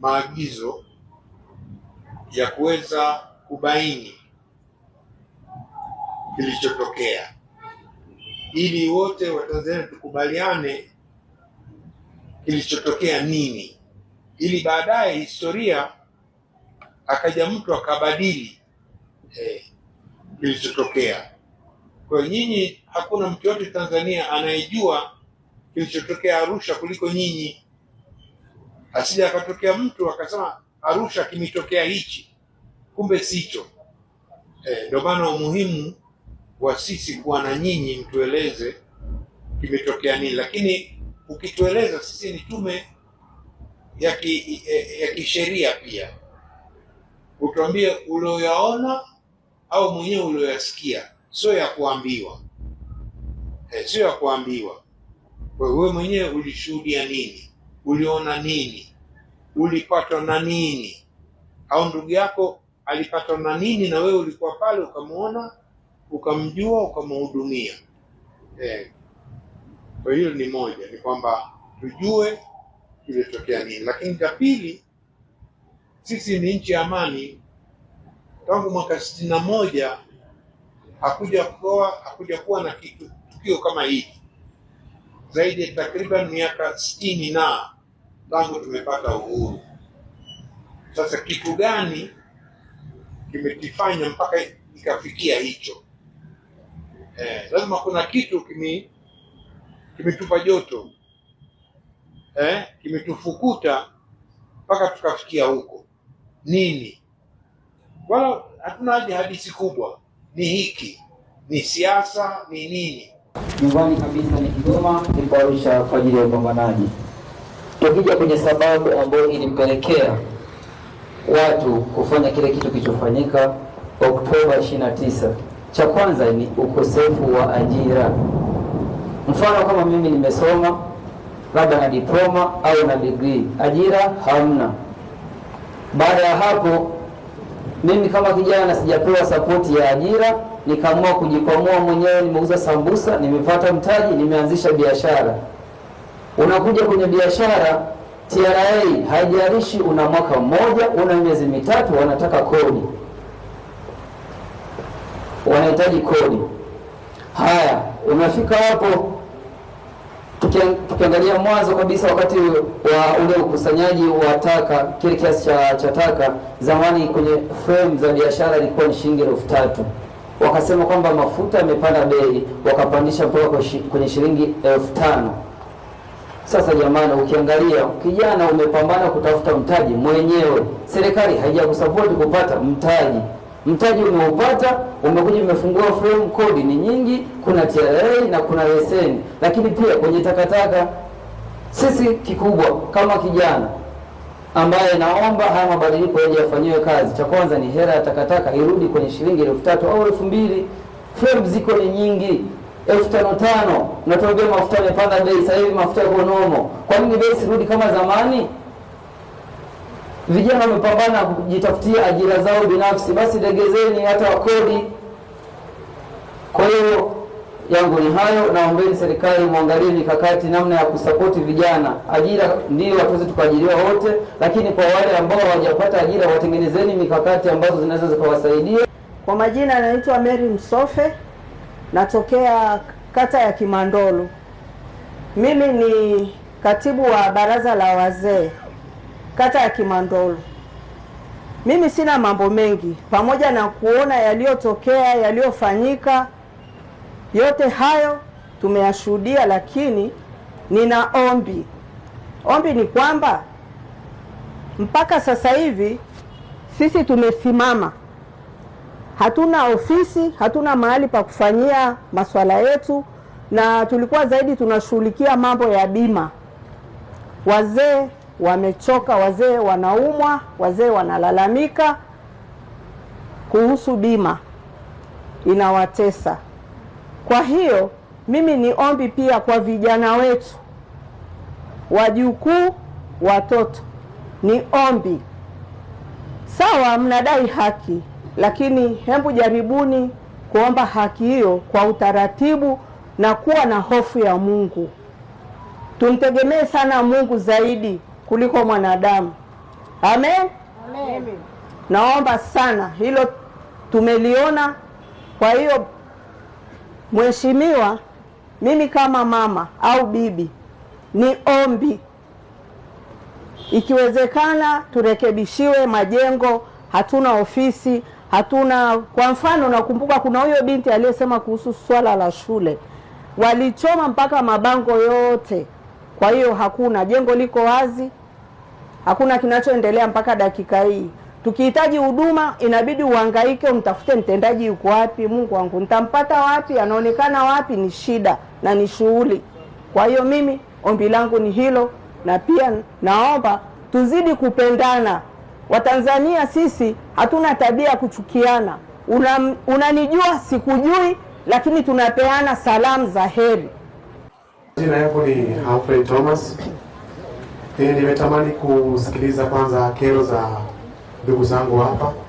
maagizo ya kuweza kubaini kilichotokea ili wote Watanzania tukubaliane kilichotokea nini, ili baadaye historia akaja mtu akabadili eh, kilichotokea. Kwa nyinyi, hakuna mtu yote Tanzania anayejua kilichotokea Arusha kuliko nyinyi asija akatokea mtu akasema Arusha kimetokea hichi, kumbe sicho. Eh, ndio eh, maana umuhimu wa sisi kuwa na nyinyi mtueleze kimetokea nini, lakini ukitueleza sisi ni tume ya ki, eh, ya kisheria pia utuambie ulioyaona au mwenyewe ulioyasikia, sio ya kuambiwa eh, sio ya kuambiwa. Wewe mwenyewe ulishuhudia nini? uliona nini, ulipatwa na nini, au ndugu yako alipatwa na nini, na wewe ulikuwa pale ukamwona, ukamjua, ukamhudumia. Eh, kwa hiyo ni moja, ni kwamba tujue kilitokea nini. Lakini cha pili, sisi ni nchi ya amani. Tangu mwaka sitini na moja hakuja kuwa hakuja kuwa na kitu tukio kama hili zaidi ya takriban miaka sitini na tangu tumepata uhuru. Sasa kitu gani kimekifanya mpaka ikafikia hicho? Eh, lazima kuna kitu kimi kimetupa joto eh, kimetufukuta mpaka tukafikia huko. Nini? Wala hatuna haja hadithi kubwa, ni hiki, ni siasa, ni nini nyumbani kabisa ni Kigoma, ni kuarisha kwa ajili ya upambanaji. Tukija kwenye sababu ambayo ilimpelekea watu kufanya kile kitu kilichofanyika Oktoba 29, cha kwanza ni ukosefu wa ajira. Mfano kama mimi nimesoma labda na diploma au na degree, ajira hamna. Baada ya hapo, mimi kama kijana sijapewa sapoti ya ajira nikaamua kujikwamua mwenyewe, nimeuza sambusa, nimepata mtaji, nimeanzisha biashara. Unakuja kwenye biashara TRA, haijalishi una mwaka mmoja, una miezi mitatu, wanataka kodi, wanahitaji kodi. Haya, umefika hapo tukiangalia mwanzo kabisa wakati wa ule ukusanyaji wa taka kile kiasi cha, cha taka zamani kwenye frame za biashara ilikuwa ni shilingi elfu tatu wakasema kwamba mafuta yamepanda bei, wakapandisha mpaka kwenye shilingi elfu tano. Sasa jamani, ukiangalia kijana umepambana kutafuta mtaji mwenyewe, serikali haijakusapoti kupata mtaji mtaji umeupata, umekuja umefungua frame, kodi ni nyingi, kuna TRA na kuna leseni, lakini pia kwenye takataka. Sisi kikubwa kama kijana ambaye naomba haya mabadiliko yaje yafanyiwe kazi. Cha kwanza ni hela ya takataka irudi kwenye shilingi elfu tatu au elfu mbili Feb ziko ni nyingi, elfu tano tano. Unatuambia mafuta yamepanda bei, sasa hivi mafuta yako nomo. Kwa nini bei sirudi kama zamani? Vijana wamepambana kujitafutia ajira zao binafsi, basi legezeni hata wakodi. Kwa hiyo yangu ni hayo. Naombeni serikali mwangalie mikakati namna ya kusapoti vijana. Ajira ndio hatuwezi tukaajiriwa wote, lakini kwa wale ambao hawajapata ajira watengenezeni mikakati ambazo zinaweza zikawasaidia. Kwa majina anaitwa Mary Msofe, natokea kata ya Kimandolu. Mimi ni katibu wa baraza la wazee kata ya Kimandolu. Mimi sina mambo mengi, pamoja na kuona yaliyotokea yaliyofanyika yote hayo tumeyashuhudia, lakini nina ombi. Ombi ni kwamba mpaka sasa hivi sisi tumesimama, hatuna ofisi, hatuna mahali pa kufanyia masuala yetu, na tulikuwa zaidi tunashughulikia mambo ya bima. Wazee wamechoka, wazee wanaumwa, wazee wanalalamika kuhusu bima inawatesa. Kwa hiyo mimi ni ombi pia kwa vijana wetu, wajukuu, watoto, ni ombi sawa, mnadai haki, lakini hembu jaribuni kuomba haki hiyo kwa utaratibu na kuwa na hofu ya Mungu. Tumtegemee sana Mungu zaidi kuliko mwanadamu. Amen, amen. Naomba sana hilo, tumeliona. Kwa hiyo Mheshimiwa, mimi kama mama au bibi, ni ombi ikiwezekana turekebishiwe majengo. Hatuna ofisi, hatuna kwa mfano. Nakumbuka kuna huyo binti aliyesema kuhusu swala la shule, walichoma mpaka mabango yote. Kwa hiyo hakuna jengo liko wazi, hakuna kinachoendelea mpaka dakika hii. Tukihitaji huduma inabidi uhangaike, umtafute mtendaji yuko wapi, Mungu wangu nitampata wapi, anaonekana wapi? Ni shida na ni shughuli. Kwa hiyo mimi ombi langu ni hilo, na pia naomba tuzidi kupendana. Watanzania sisi hatuna tabia ya kuchukiana. Una, unanijua sikujui, lakini tunapeana salamu za heri. Jina yangu ni alfred Thomas. Nimetamani kusikiliza kwanza kero za Ndugu zangu hapa